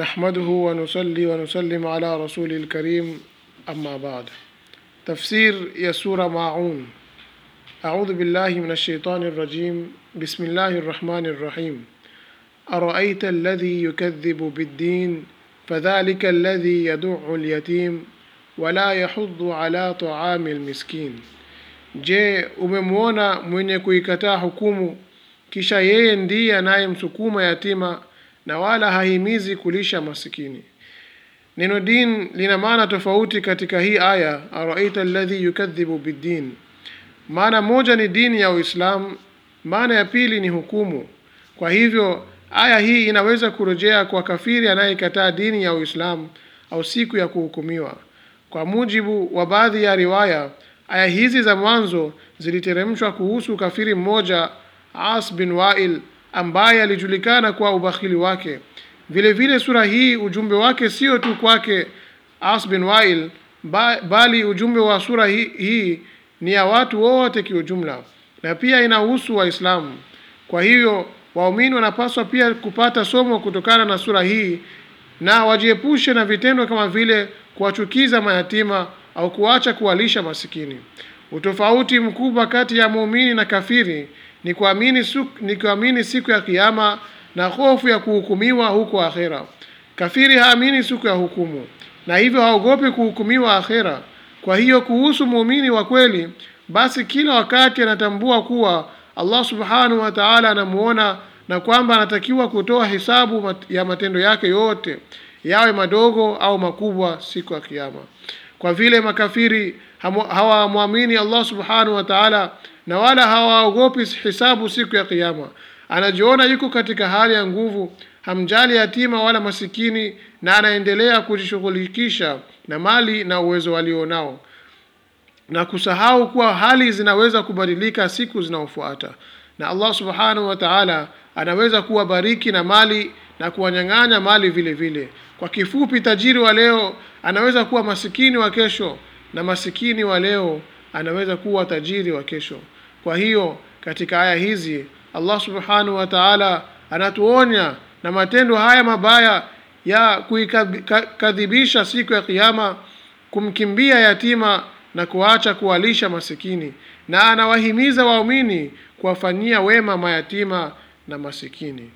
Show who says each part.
Speaker 1: نحمده ونصلي ونسلم على رسول الكريم أما بعد تفسير يسور معون أعوذ بالله من الشيطان الرجيم بسم الله الرحمن الرحيم أرأيت الذي يكذب بالدين فذلك الذي يدع اليتيم ولا يحض على طعام المسكين Je, umemwona mwenye kuikataa كي شايين دي نايم سكومة يتيمه na wala hahimizi kulisha masikini. Neno din lina maana tofauti katika hii aya, araita alladhi yukadhibu biddin. Maana moja ni dini ya Uislamu, maana ya pili ni hukumu. Kwa hivyo aya hii inaweza kurejea kwa kafiri anayekataa dini ya Uislamu au siku ya kuhukumiwa. Kwa mujibu wa baadhi ya riwaya, aya hizi za mwanzo ziliteremshwa kuhusu kafiri mmoja As bin Wail ambaye alijulikana kwa ubakhili wake. Vile vile sura hii ujumbe wake sio tu kwake As bin Wail ba, bali ujumbe wa sura hii, hii ni ya watu wote kiujumla, na pia inahusu Waislamu. Kwa hivyo waumini wanapaswa pia kupata somo kutokana na sura hii na wajiepushe na vitendo kama vile kuwachukiza mayatima au kuacha kuwalisha masikini. Utofauti mkubwa kati ya muumini na kafiri ni kuamini, ni kuamini siku ya Kiyama na hofu ya kuhukumiwa huko akhera. Kafiri haamini siku ya hukumu na hivyo haogopi kuhukumiwa akhera. Kwa hiyo kuhusu muumini wa kweli, basi kila wakati anatambua kuwa Allah subhanahu wa ta'ala anamuona na kwamba anatakiwa kutoa hisabu ya matendo yake yote, yawe madogo au makubwa, siku ya Kiyama kwa vile makafiri hawamwamini Allah subhanahu wa ta'ala na wala hawaogopi hisabu siku ya kiyama anajiona yuko katika hali ya nguvu hamjali yatima wala masikini na anaendelea kujishughulikisha na mali na uwezo walionao na kusahau kuwa hali zinaweza kubadilika siku zinaofuata na Allah subhanahu wa ta'ala anaweza kuwabariki na mali na kuwanyang'anya mali vile vile kwa kifupi tajiri wa leo anaweza kuwa masikini wa kesho na masikini wa leo anaweza kuwa tajiri wa kesho kwa hiyo katika aya hizi allah subhanahu wa taala anatuonya na matendo haya mabaya ya kuikadhibisha siku ya kiama kumkimbia yatima na kuacha kuwalisha masikini na anawahimiza waumini kuwafanyia wema mayatima na masikini